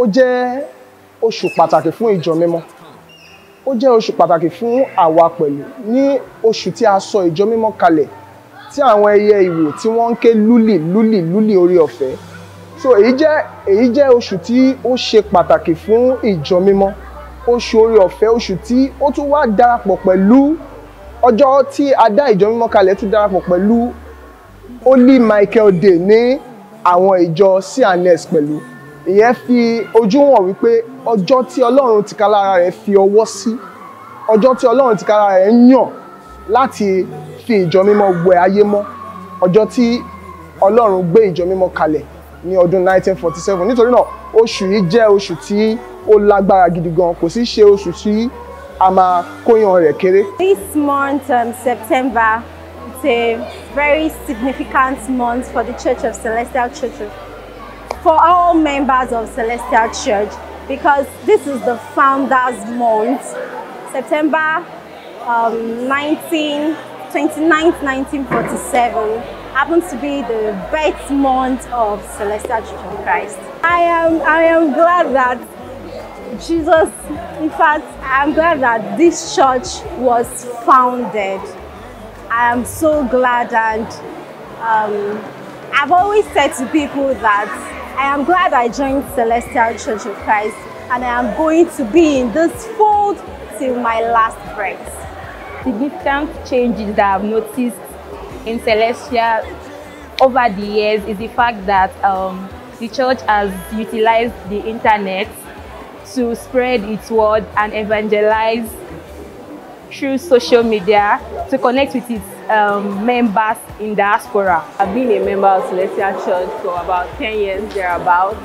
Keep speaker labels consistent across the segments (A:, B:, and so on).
A: ó jẹ́ oṣù pàtàkì fún ìjọ mímọ́ ó jẹ́ oṣù pàtàkì fún àwa pẹ̀lú ní oṣù tí a sọ ìjọ mímọ́ kalẹ̀ tí àwọn ẹyẹ ìwò tí wọ́n ń ké lúlì lúlì lúlì orí ọ̀fẹ́ so èyí jẹ́ èyí jẹ́ oṣù tí ó ṣe pàtàkì fún ìjọ mímọ́ oṣù orí ọ̀fẹ́ oṣù tí ó tún wá darapọ̀ pẹ̀lú ọjọ́ tí a dá ìjọ mímọ́ kalẹ̀ tún darapọ̀ pẹ̀lú Holy Michael Day ní àwọn ìjọ CNS pẹ̀lú ìyẹn fi ojú hàn wípé ọjọ́ tí ọlọ́run tìka lára rẹ̀ fi ọwọ́ sí ọjọ́ tí ọlọ́run tìka lára rẹ̀ ń yàn láti fi ìjọ mímọ́ wẹ ayé mọ́ ọjọ́ tí ọlọ́run gbé ìjọ mímọ́ kalẹ̀ ní ọdún 1947 nítorí náà oṣù yìí jẹ́ oṣù tí ó lágbára gidi gan kò sì ṣe oṣù tí a máa kóyan rẹ̀ kéré.
B: This month um, September is a very significant month for the Church of Celestial Church of for all members of Celestial Church because this is the Founders Month, September um, 19, 29th, 1947 happens to be the birth month of Celestial Church of Christ. I am, I am glad that Jesus, in fact, I'm glad that this church was founded. I am so glad and um, I've always said to people that I am glad I joined Celestial Church of Christ and I am going to be in this fold till my last breath.
C: Significant changes that I've noticed in Celestial over the years is the fact that um, the church has utilized the internet to spread its word and evangelize through social media to connect with its um, members in diaspora. I've been a member of Celestial Church for about 10 years thereabouts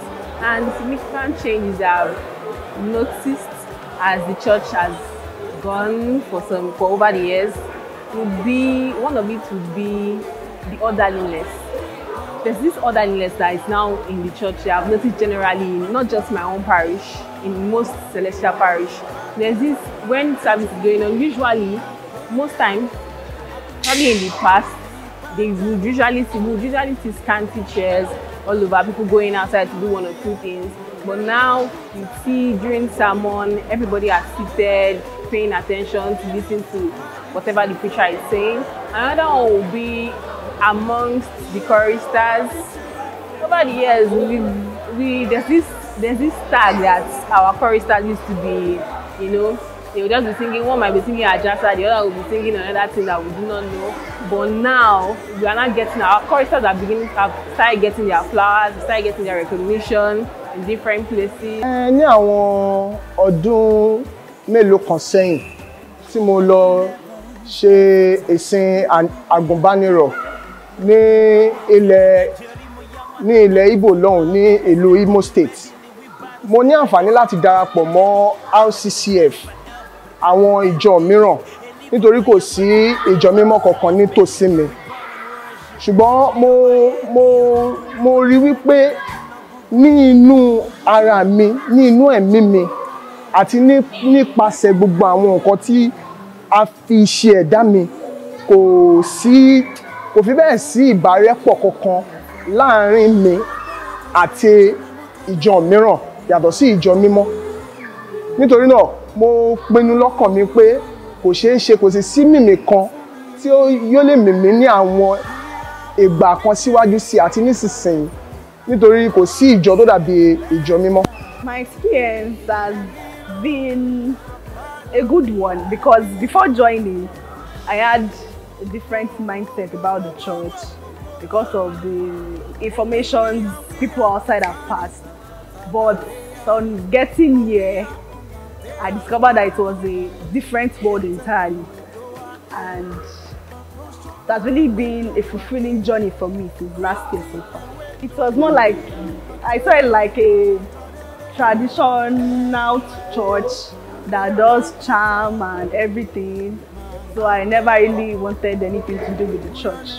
C: and significant changes I've noticed as the church has gone for some for over the years would be one of it would be the orderliness. There's this orderliness that is now in the church I've noticed generally, not just my own parish, in most celestial parish. There's this when service is going on, usually most times probably in the past, they would usually see, would usually see scanty chairs all over, people going outside to do one or two things. But now you see during sermon, everybody are seated, paying attention to listen to whatever the preacher is saying. Another one will be amongst the choristers. Over the years, we, we there's this there's this tag that our choristers used to be, you know, they will just be singing one might be singing ajasa the other will be singing another thing that we do not know but now we are now getting our choristers are beginning to have start getting their flowers start getting their recognition in different places.
A: ẹ ní àwọn ọdún mélòó kan sẹ́yìn tí mo lọ ṣe ìsìn àgùnbánirọ̀ ní ilẹ̀ ní ilẹ̀ Ìgbò lọ́hùn ní ìlú Imo State mo ní àǹfààní láti darapọ̀ mọ́ RCCF àwọn ìjọ mìíràn nítorí kò sí ìjọ mímọ́ kankan nítòsí mi ṣùgbọ́n mo mo mo rí wípé ní inú ara mi ní inú ẹ̀mí mi àti nípasẹ̀ gbogbo àwọn nǹkan tí a fi ṣe ẹ̀dá mi kò sí kò fi bẹ́ẹ̀ sí ìbárẹ́pọ̀ kankan láàrin mi àti ìjọ mìíràn yàtọ̀ sí ìjọ mímọ́ nítorí náà mo pinnu lọ́kàn mi pé kò ṣeé ṣe kò sì sí mìmì kan tí yóò lè mìmì ní àwọn ìgbà kan síwájú sí àti nísinsìnyí nítorí kò sí ìjọ tó dàbí ìjọ mímọ́.
D: My experience has been a good one because before joining I had a different mindset about the church because of the information people outside have passed. But on getting here, I discovered that it was a different world entirely. And that's really been a fulfilling journey for me since last year so far. It was more like, I saw it like a traditional church that does charm and everything. So I never really wanted anything to do with the church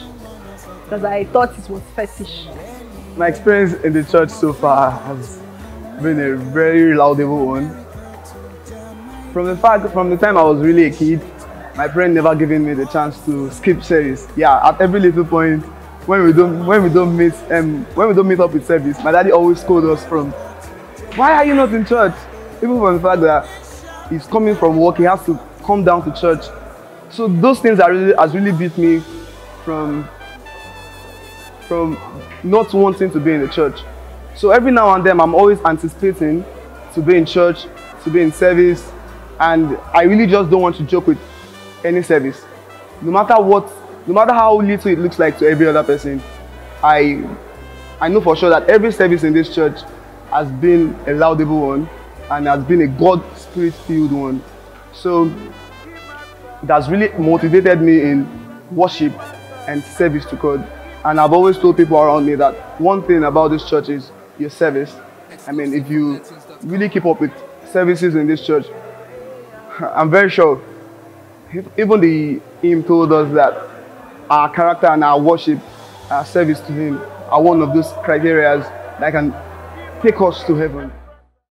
D: because I thought it was fetish.
E: My experience in the church so far has been a very laudable one. From the fact, from the time I was really a kid, my friend never given me the chance to skip service. Yeah, at every little point, when we don't when we don't meet um, when we don't meet up with service, my daddy always scold us from, why are you not in church? Even from the fact that he's coming from work, he has to come down to church. So those things are really has really beat me from from not wanting to be in the church. So every now and then, I'm always anticipating to be in church, to be in service, and I really just don't want to joke with any service. No matter what, no matter how little it looks like to every other person, I, I know for sure that every service in this church has been a laudable one and has been a God spirit filled one. So that's really motivated me in worship and service to God. And I've always told people around me that one thing about this church is your service. I mean, if you really keep up with services in this church, I'm very sure. Even the him told us that our character and our worship, our service to Him, are one of those criteria that can take us to heaven.